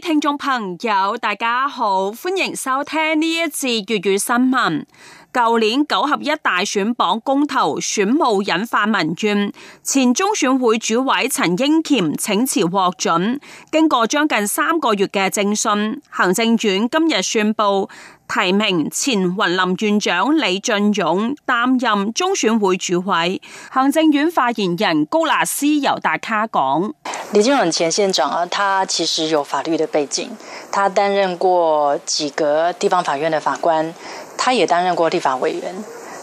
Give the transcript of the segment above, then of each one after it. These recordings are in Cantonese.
聽眾朋友，大家好，歡迎收聽呢一次粵語新聞。舊年九合一大選，榜公投選務引發民怨，前中選會主委陳英僑請辭獲准，經過將近三個月嘅徵詢，行政院今日宣布提名前雲林縣長李進勇擔任中選會主委。行政院發言人高納斯尤達卡講。李進勇前縣長啊，他其實有法律的背景，他擔任過幾個地方法院的法官，他也擔任過立法委員，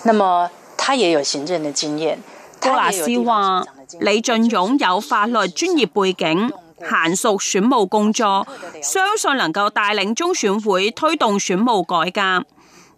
那麼他也有行政的經驗。郭老師話：李進勇有法律專業背景，嫻熟選務工作，相信能夠帶領中選會推動選務改革。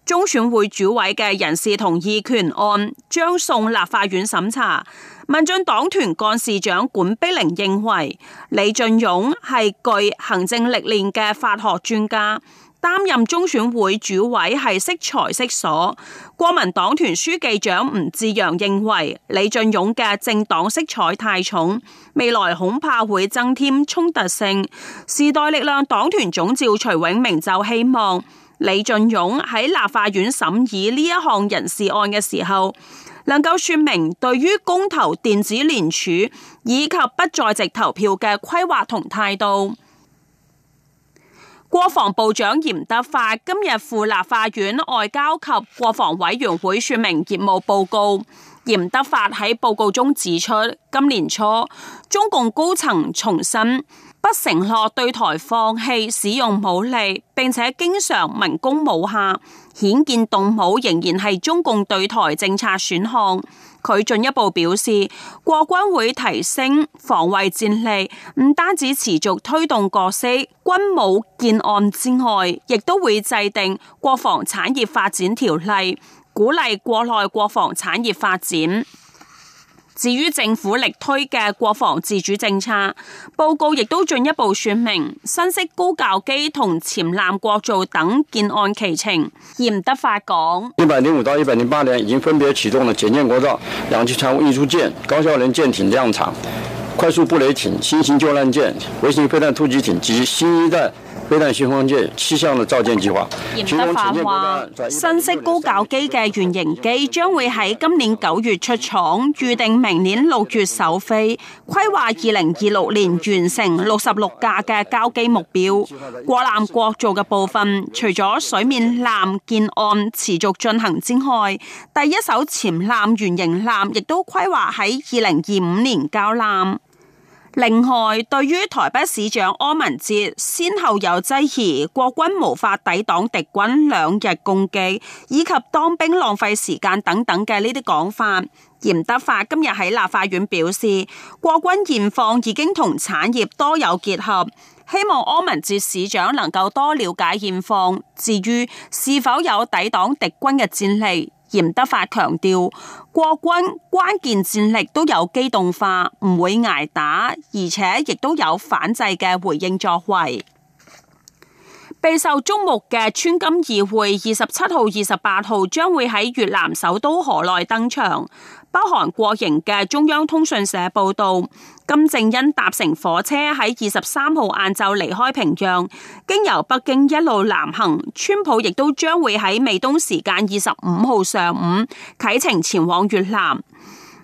中選會主委嘅人事同意權案將送立法院審查。民進黨團幹事長管碧玲認為李進勇係具行政歷練嘅法學專家，擔任中選會主委係適才適所。國民黨團書記長吳志陽認為李進勇嘅政黨色彩太重，未來恐怕會增添衝突性。時代力量黨團總召徐永明就希望。李進勇喺立法院審議呢一項人事案嘅時候，能夠說明對於公投電子聯署以及不在籍投票嘅規劃同態度。國防部長嚴德發今日赴立法院外交及國防委員會說明業務報告。嚴德發喺報告中指出，今年初中共高層重申。不承諾對台放棄使用武力，並且經常民工武下，顯見動武仍然係中共對台政策選項。佢進一步表示，國軍會提升防衛戰力，唔單止持續推動各式軍武建案之外，亦都會制定國防產業發展條例，鼓勵國內國防產業發展。至於政府力推嘅國防自主政策報告，亦都進一步説明新式高教機同潛艦國造等建案期程。嚴德發講：一百零五到一百零八年已經分別啟動了潛艦國造、兩棲船塢運輸艦、高效能艦艇量產、快速布雷艇、新型救難艦、微型飛彈突擊艇及新一代。飛彈新方界氣象嘅造艦計劃，嚴德發話：新式高教機嘅原型機將會喺今年九月出廠，預定明年六月首飛，規劃二零二六年完成六十六架嘅交機目標。國艦國造嘅部分，除咗水面艦建案持續進行之外，第一艘潛艦原型艦亦都規劃喺二零二五年交艦。另外，對於台北市長柯文哲先後有質疑國軍無法抵擋敵軍兩日攻擊，以及當兵浪費時間等等嘅呢啲講法，嚴德發今日喺立法院表示，國軍現況已經同產業多有結合，希望柯文哲市長能夠多了解現況。至於是否有抵擋敵軍嘅戰力？嚴德發強調，國軍關鍵戰力都有機動化，唔會捱打，而且亦都有反制嘅回應作為。備受矚目嘅川金二會二十七號、二十八號將會喺越南首都河內登場，包含國營嘅中央通訊社報道。金正恩搭乘火車喺二十三號晏晝離開平壤，經由北京一路南行。川普亦都將會喺美東時間二十五號上午啟程前往越南。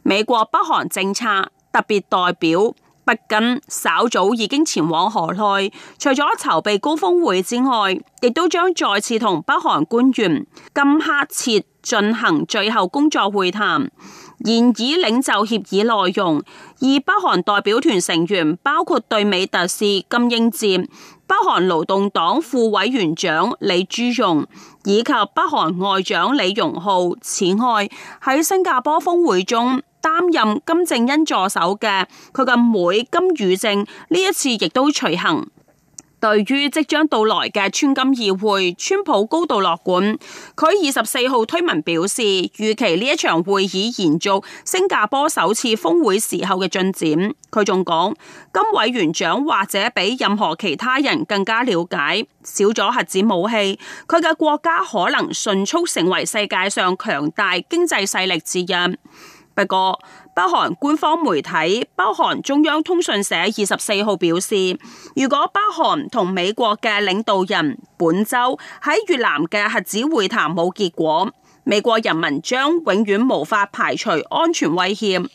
美國北韓政策特別代表，不僅稍早已經前往河內，除咗籌備高峰會之外，亦都將再次同北韓官員金哈切進行最後工作會談，研議領袖協議內容。而北韓代表團成員包括對美特使金英哲、北韓勞動黨副委員長李朱容以及北韓外長李容浩，此外喺新加坡峰會中，擔任金正恩助手嘅佢嘅妹金與正呢一次亦都隨行。對於即將到來嘅川金二會，川普高度樂觀。佢二十四號推文表示，預期呢一場會議延續新加坡首次峰會時候嘅進展。佢仲講，金委員長或者比任何其他人更加了解，少咗核子武器，佢嘅國家可能迅速成為世界上強大經濟勢力之一。不過，北韓官方媒體，北韓中央通訊社，二十四號表示，如果北韓同美國嘅領導人本週喺越南嘅核子會談冇結果，美國人民將永遠無法排除安全威脅。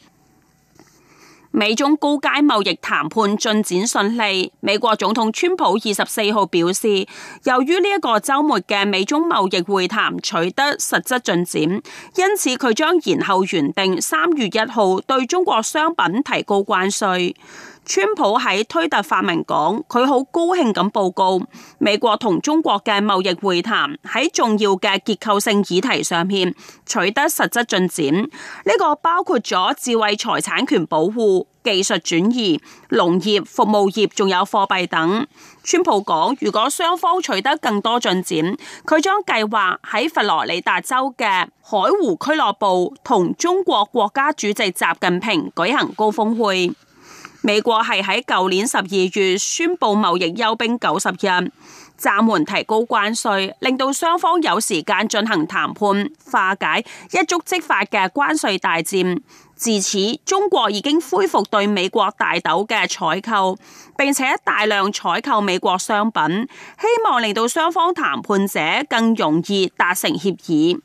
美中高階貿易談判進展順利，美國總統川普二十四號表示，由於呢一個周末嘅美中貿易會談取得實質進展，因此佢將延後原定三月一號對中國商品提高關稅。川普喺推特發文講，佢好高興咁報告美國同中國嘅貿易會談喺重要嘅結構性議題上面取得實質進展。呢、這個包括咗智慧財產權保護、技術轉移、農業、服務業，仲有貨幣等。川普講，如果雙方取得更多進展，佢將計劃喺佛羅里達州嘅海湖俱樂部同中國國家主席習近平舉行高峰會。美國係喺舊年十二月宣布貿易休兵九十日，暫緩提高關稅，令到雙方有時間進行談判，化解一觸即發嘅關稅大戰。自此，中國已經恢復對美國大豆嘅採購，並且大量採購美國商品，希望令到雙方談判者更容易達成協議。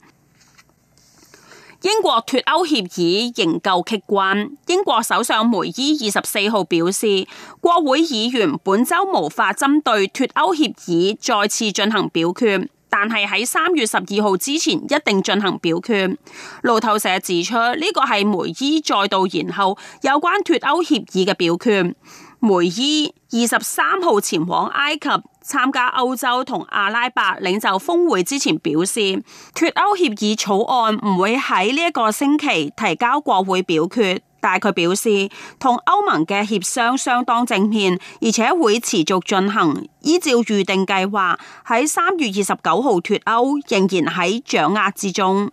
英國脫歐協議仍舊棘關。英國首相梅伊二十四號表示，國會議員本周無法針對脫歐協議再次進行表決，但係喺三月十二號之前一定進行表決。路透社指出，呢個係梅伊再度延後有關脫歐協議嘅表決。梅伊二十三號前往埃及參加歐洲同阿拉伯領袖峰會之前表示，脫歐協議草案唔會喺呢一個星期提交國會表決，但佢表示同歐盟嘅協商相當正面，而且會持續進行，依照預定計劃喺三月二十九號脫歐仍然喺掌握之中。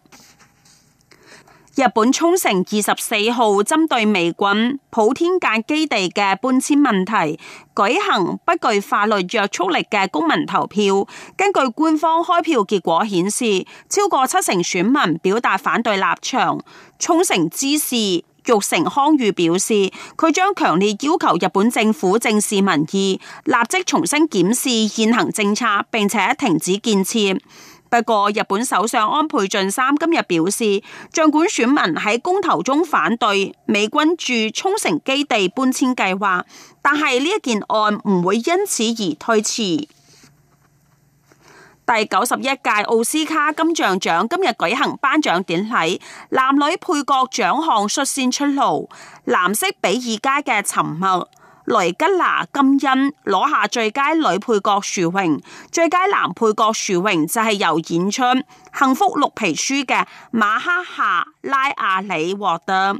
日本沖繩二十四號針對美軍普天間基地嘅搬遷問題舉行不具法律約束力嘅公民投票，根據官方開票結果顯示，超過七成選民表達反對立場。沖繩知事玉城康裕表示，佢將強烈要求日本政府正視民意，立即重新檢視現行政策，並且停止建設。不過，日本首相安倍晉三今日表示，儘管選民喺公投中反對美軍駐沖繩基地搬遷計劃，但係呢一件案唔會因此而推遲。第九十一屆奧斯卡金像獎今日舉行頒獎典禮，男女配角獎項率先出爐，藍色比爾街嘅沉默。蕾吉娜金恩攞下最佳女配角殊榮，最佳男配角殊榮就係由演出《幸福綠皮書》嘅馬赫夏拉阿里獲得。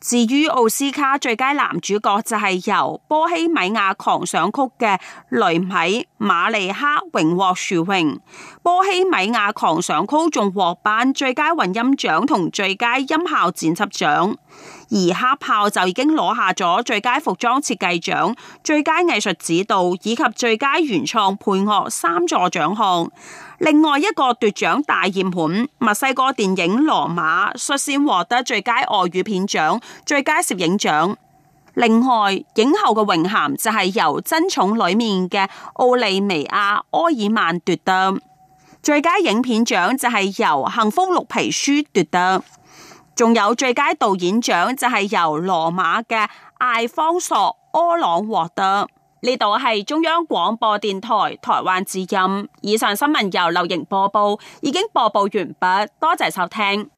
至於奧斯卡最佳男主角就係由《波希米亞狂想曲》嘅雷米馬利克榮獲殊榮，《波希米亞狂想曲》仲獲頒最佳混音獎同最佳音效剪輯獎。而黑豹就已經攞下咗最佳服裝設計獎、最佳藝術指導以及最佳原創配樂三座獎項。另外一個奪獎大熱門墨西哥電影《羅馬》率先獲得最佳外語片獎、最佳攝影獎。另外影后嘅榮銜就係由《珍重》裏面嘅奧利尼亞·柯爾曼奪得。最佳影片獎就係由《幸福綠皮書奪》奪得。仲有最佳導演獎就係、是、由羅馬嘅艾方索·柯朗獲得。呢度係中央廣播電台台灣之音。以上新聞由劉瑩播報，已經播報完畢，多謝收聽。